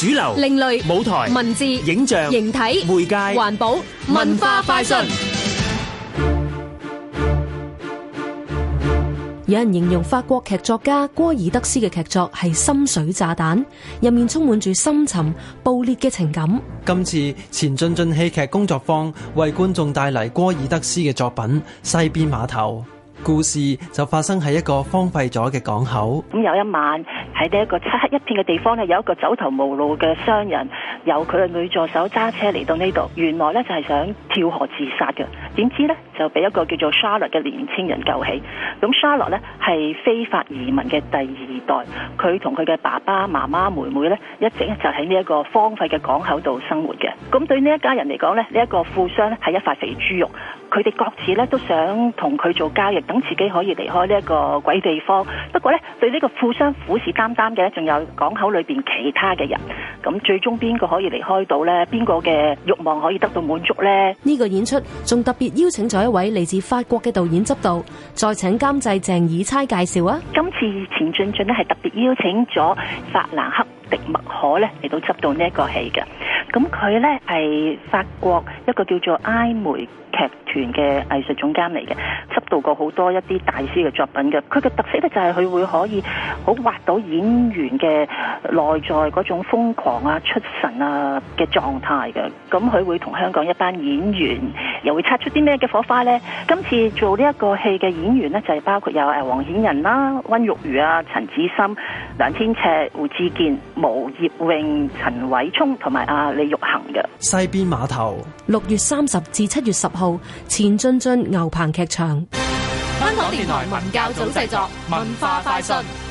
主流、另類、舞台、文字、影像、形體、媒介、環保、文化、快訊。有人形容法國劇作家戈爾德斯嘅劇作係深水炸彈，入面充滿住深沉、暴烈嘅情感。今次前進進戲劇工作坊為觀眾帶嚟戈爾德斯嘅作品《西邊碼頭》，故事就發生喺一個荒廢咗嘅港口。咁有一晚。喺呢一個漆黑一片嘅地方呢，有一個走投無路嘅商人，由佢嘅女助手揸車嚟到呢度。原來呢，就係、是、想跳河自殺嘅，點知呢，就俾一個叫做沙洛嘅年青人救起。咁沙洛呢，係非法移民嘅第二代，佢同佢嘅爸爸、媽媽、妹妹呢，一直就喺呢一個荒廢嘅港口度生活嘅。咁對呢一家人嚟講呢，呢、這、一個富商係一塊肥豬肉，佢哋各自呢都想同佢做交易，等自己可以離開呢一個鬼地方。不過呢，對呢個富商虎單單嘅，仲有港口裏邊其他嘅人，咁最終邊個可以離開到呢？邊個嘅欲望可以得到滿足呢？呢個演出仲特別邀請咗一位嚟自法國嘅導演執導，再請監製鄭以差介紹啊。今次前進進呢係特別邀請咗法蘭克迪麥可呢嚟到執導呢一個戲嘅。咁佢呢，係法國一個叫做埃梅劇團嘅藝術總監嚟嘅，執導過好多一啲大師嘅作品嘅。佢嘅特色呢，就係佢會可以好挖到演員嘅內在嗰種瘋狂啊、出神啊嘅狀態嘅。咁佢會同香港一班演員。又會擦出啲咩嘅火花呢？今次做呢一個戲嘅演員呢，就係包括有誒黃顯仁啦、温玉如啊、陳子心、梁天尺、胡志健、毛曄穎、陳偉聰同埋阿李玉衡嘅《西邊碼頭》。六月三十至七月十號，前進進牛棚劇場。香港電台文教組製作文化快訊。